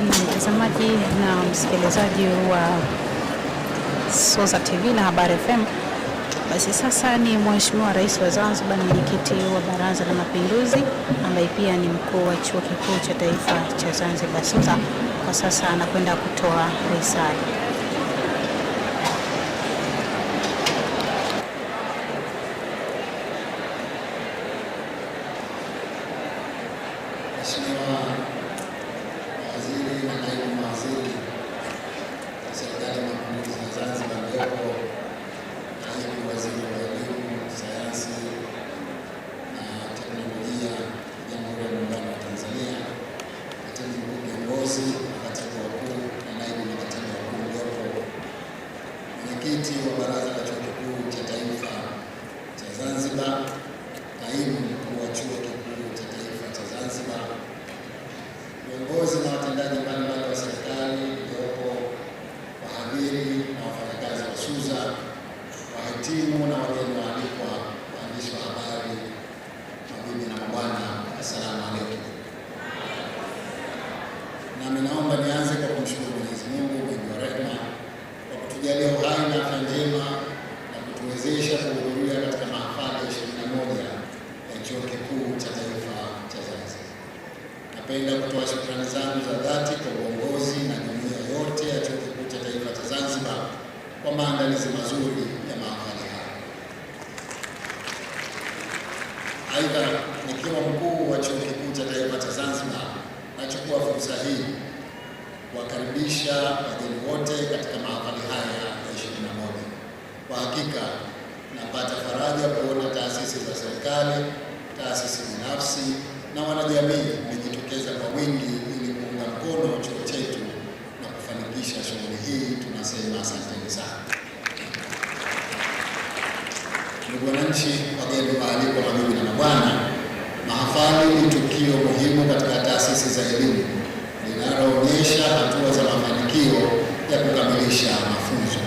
Mm, mtazamaji na msikilizaji wa Soza TV na Habari FM. Basi sasa ni Mheshimiwa Rais wa Zanzibar, ni mwenyekiti wa Baraza la Mapinduzi, ambaye pia ni mkuu wa Chuo Kikuu cha Taifa cha Zanzibar, SUZA, kwa sasa anakwenda kutoa risala. viongozi na watendaji mbalimbali wa serikali ikiwepo wahabiri na wafanyakazi wa SUZA, wahitimu na Aidha, nikiwa mkuu wa Chuo Kikuu cha Taifa cha Zanzibar, nachukua fursa hii kuwakaribisha wageni wote katika mahafali haya ya 21. Kwa hakika napata faraja kuona taasisi za serikali, taasisi binafsi na wanajamii wamejitokeza kwa wingi ili kuunga mkono chuo chetu na kufanikisha shughuli hii. Tunasema asanteni sana ndugu wananchi. Kupambana. Mahafali ni tukio muhimu katika taasisi za elimu linaloonyesha hatua za mafanikio ya kukamilisha mafunzo.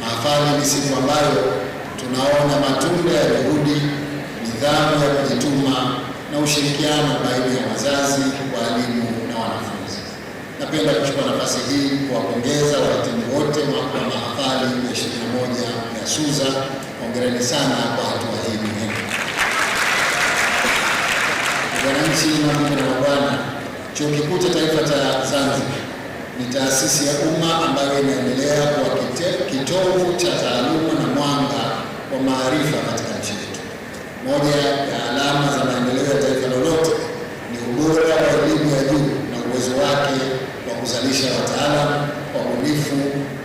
Mahafali ni siku ambayo tunaona matunda ya juhudi, nidhamu ya kujituma na ushirikiano baina ya wazazi, walimu na wanafunzi. Napenda kuchukua nafasi hii kuwapongeza wahitimu wote wa mahafali ya 21 ya SUZA. Hongereni sana kwa wananchi na bwana Chuo Kikuu cha Taifa cha Zanzibar ni taasisi ya umma ambayo inaendelea kuwa kitovu cha taaluma na mwanga wa maarifa katika nchi yetu. Moja ya alama za maendeleo ya taifa lolote ni ubora wa elimu ya juu na uwezo wake wa kuzalisha wataalamu wabunifu,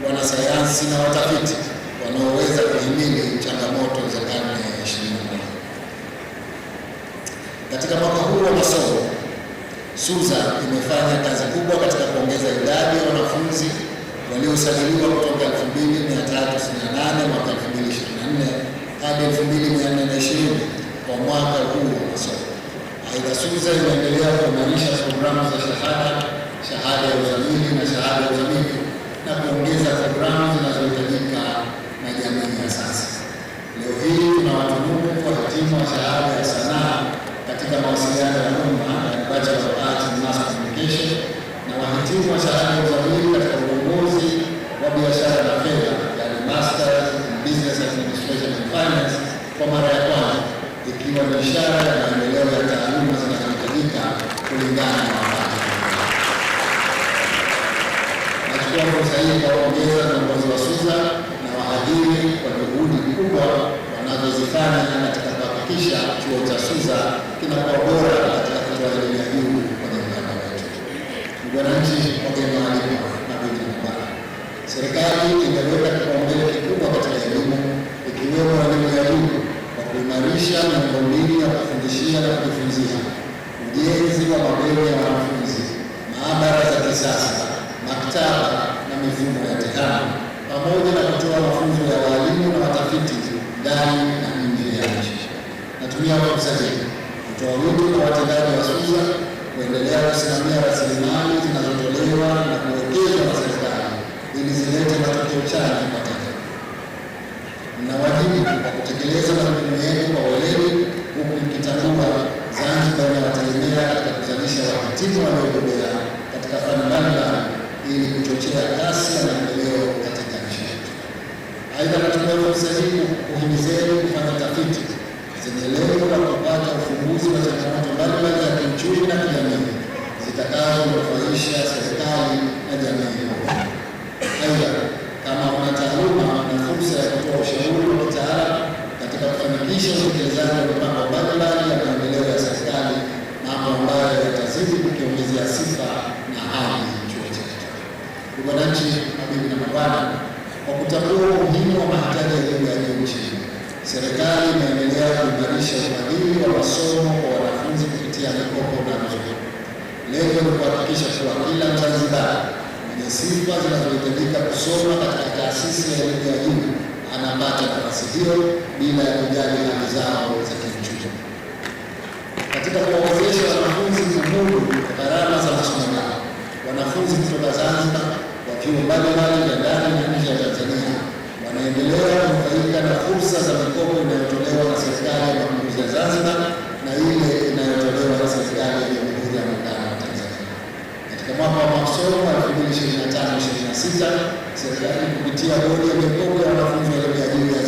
wanasayansi na watafiti wanaoweza kuhimili changamoto za karne ya ishirini. Katika mwaka huu wa masomo, SUZA imefanya kazi kubwa katika kuongeza idadi ya wanafunzi waliosajiliwa kutoka 2368 mwaka 2024 hadi 2420 kwa mwaka huu wa masomo. Aidha, SUZA imeendelea kuimarisha programu za shahada, shahada ya uzamili na shahada ya uzamili na kuongeza programu zinazohitajika na jamii ya sasa. Leo hii tuna watunuku wahitimu wa shahada ya sanaa katika mawasiliano ya umma ya Bachelor of Arts in Mass Communication na wahitimu wa shahada ya uzamili katika uongozi wa biashara na fedha, yani Masters in Business Administration and Finance kwa mara ya kwanza, ikiwa ni ishara ya maendeleo ya taaluma zinazohitajika kulingana na wakati. Nachukua fursa hii kuwapongeza viongozi wa SUZA na wahadhiri kwa juhudi kubwa wanazozifanya katika kuhakikisha chuo cha SUZA kinakuwa bora katika kutoa elimu ya juu kwa vijana wetu. Ndugu wananchi, wageni waalikwa, na vijana, serikali imeweka kipaumbele kikubwa kutoa wito kwa watendaji wa SUZA kuendelea kusimamia rasilimali zinazotolewa na kuwekezwa na serikali ili zilete matokeo chanya kwa taifa. Mna wajibu wa kutekeleza majukumu yenu kwa weledi, huku mkitambua Zanzibar inawategemea katika kuzalisha wahitimu wanaobobea katika fani mbalimbali ili kuchochea kasi ya maendeleo katika nchi yetu. Aidha, natumia fursa hii kuhimizeni kufanya tafiti zenye lengo la kupata ufumbuzi wa changamoto mbalimbali za kiuchumi na kijamii zitakazonufaisha serikali na jamii. Aidha, kama kuna taaluma na fursa ya kutoa ushauri wa kitaalamu katika kufanikisha utekelezaji wa mipango mbalimbali ya maendeleo ya serikali, mambo ambayo yatazidi kukiongezea sifa na hadhi chuo chetu. Ndugu wananchi, mabibi na mabwana, kwa kutambua ufadhili wa masomo kwa wanafunzi kupitia mikopo na ruzuku. Lengo ni kuhakikisha kuwa kila Mzanzibari mwenye sifa zinazohitajika kusoma katika taasisi ya elimu ya juu anapata nafasi hiyo bila ya kujali hali zao za kiuchumi. Katika kuwawezesha wanafunzi kumudu gharama za masomo yao, wanafunzi kutoka Zanzibar wa vyuo mbalimbali vya ndani na nje ya Tanzania naendelea yanafaidika na fursa za mikopo inayotolewa na serikali ya mapinduzi ya Zanzibar na ile inayotolewa na serikali ya Jamhuri ya Muungano wa Tanzania. Katika mwaka wa masomo 2025/26 serikali kupitia bodi ya mikopo ya wanafunzi wa elimu ya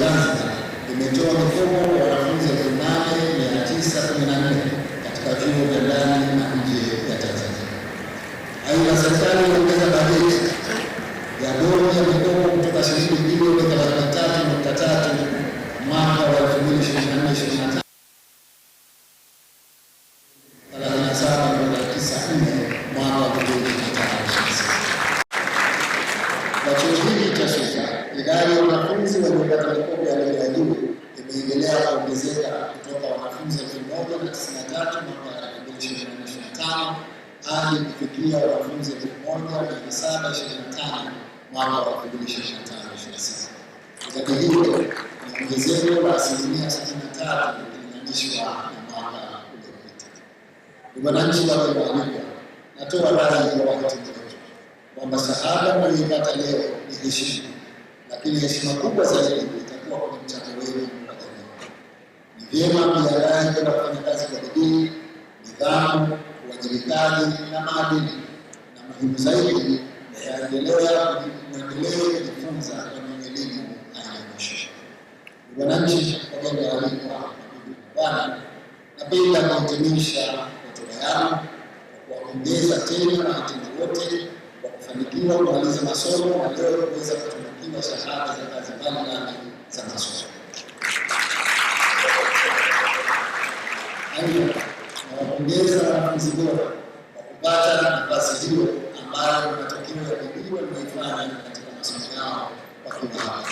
kumi mwaka wa kipindi cha tano sasa. Na chuo hiki cha Chuka, idadi ya wanafunzi waliopata mikopo ya elimu ya juu imeendelea kuongezeka kutoka wanafunzi elfu moja na tisini na tatu mwaka wa elfu mbili ishirini ishirini na tano hadi kufikia wanafunzi elfu moja mia saba ishirini na tano mwaka wa elfu mbili ishirini tano ishirini sita. Idadi hiyo ni ongezeko la asilimia sitini na tatu ikilinganishwa wananchi wananchi walioalikwa. Natoa rai kwa wakati mmoja kwamba sahaba mlioipata leo ni heshima, lakini heshima kubwa zaidi itakuwa kwenye mchango wenu wa jamii. Ni vyema pia rai kwenda kufanya kazi kwa bidii, nidhamu, uwajibikaji na maadili, na muhimu zaidi yaendelea kuendelea kujifunza kwenye elimu ainaisha wananchi wageni waalikwa, bwana napenda kuhitimisha vijana waongeza tena na watendi wote wa kufanikiwa kumaliza masomo na leo kuweza kutunukiwa shahada za kazi mbalimbali za masomo. Aidha, nawapongeza bora kwa kupata nafasi hiyo ambayo matokeo ya bidii walioifanya katika masomo yao wakiwa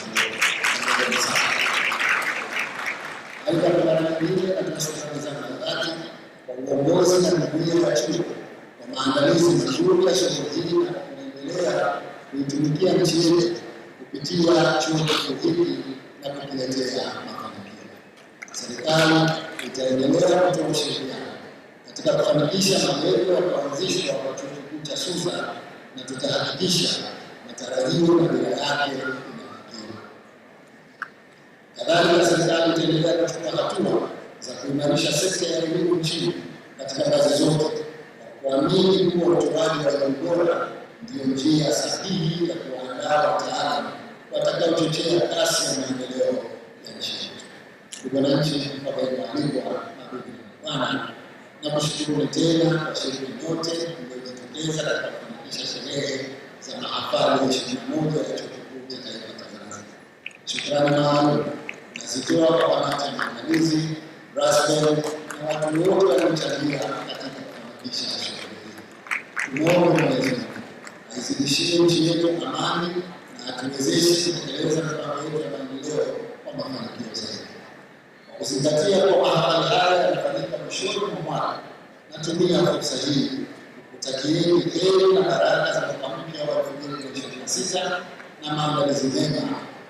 Aidha, kwa mara nyingine dhati kwa uongozi iliyo katika na maandalizi mazuri ya sherehe hii na tunaendelea kuitumikia nchi yetu kupitia chuo kikuu hiki na kukiletea mafanikio. Serikali itaendelea kutoa ushirikiano katika kufanikisha malengo ya kuanzishwa kwa chuo kikuu cha SUZA na tutahakikisha matarajio na dira yake inafikiwa. Kadhalika, serikali itaendelea kuchukua hatua za kuimarisha sekta ya elimu nchini katika ngazi tunaamini kuwa utoaji wa elimu bora ndiyo njia sahihi ya kuandaa wataalamu watakaochochea kasi ya maendeleo ya nchi yetu. Ndugu wananchi, wameimalikwa mabibi na mabwana, tena kushukuruni tena yote wote katika kufanikisha sherehe za mahafali ya ishirini na moja ya Chuo Kikuu cha Taifa Tanzania. Shukrani maalum nazitoa kwa kamati ya maandalizi, RASB na watu wote waliochangia katika kufanikisha Muombe Mwenyezi Mungu aizidishie nchi yetu amani na atuwezeshe kutekeleza mpango yetu ya maendeleo kwa mafanikio zaidi, kwa kuzingatia kuwa mahafali haya yanafanyika mwishoni mwa mwaka. Natumia fursa hii kutakieni heri na baraka za mwaka mpya wa elfu mbili na ishirini na sita na maandalizi mema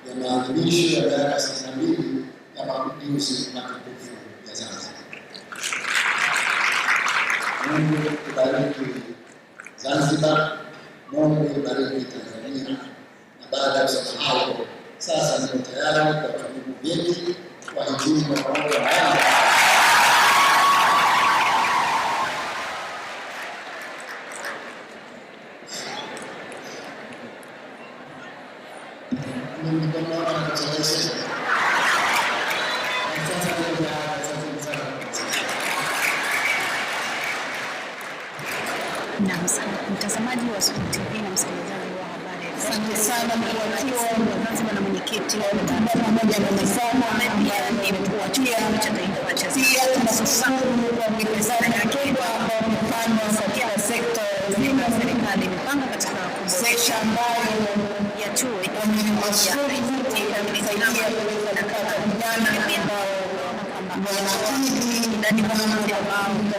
ya maadhimisho ya miaka sitini na mbili ya mapinduzi matukufu ya Zanzibar. Mungu kubariki Zanzibar. Mungu ibariki Tanzania. Na baada ya kusema hapo, sasa niko tayari kwa vitabu vingi kwa injili kwa pamoja na Mungu. Mungu mtazamaji wa Sugu TV na msikilizaji wa habari. Asante sana kwa Zanzibar na mwenyekiti pamoja na sana ambaye imekuwa chanzo cha taifa cha pia tunashukuru kwa uwekezaji mkubwa ambao umefanywa katika sekta nzima ya serikali mipango katika kuwezesha ambayo ya mashauri yote yanaisaidia kuweza kupata vijana ambao wanakidhi idadi kubwa ambao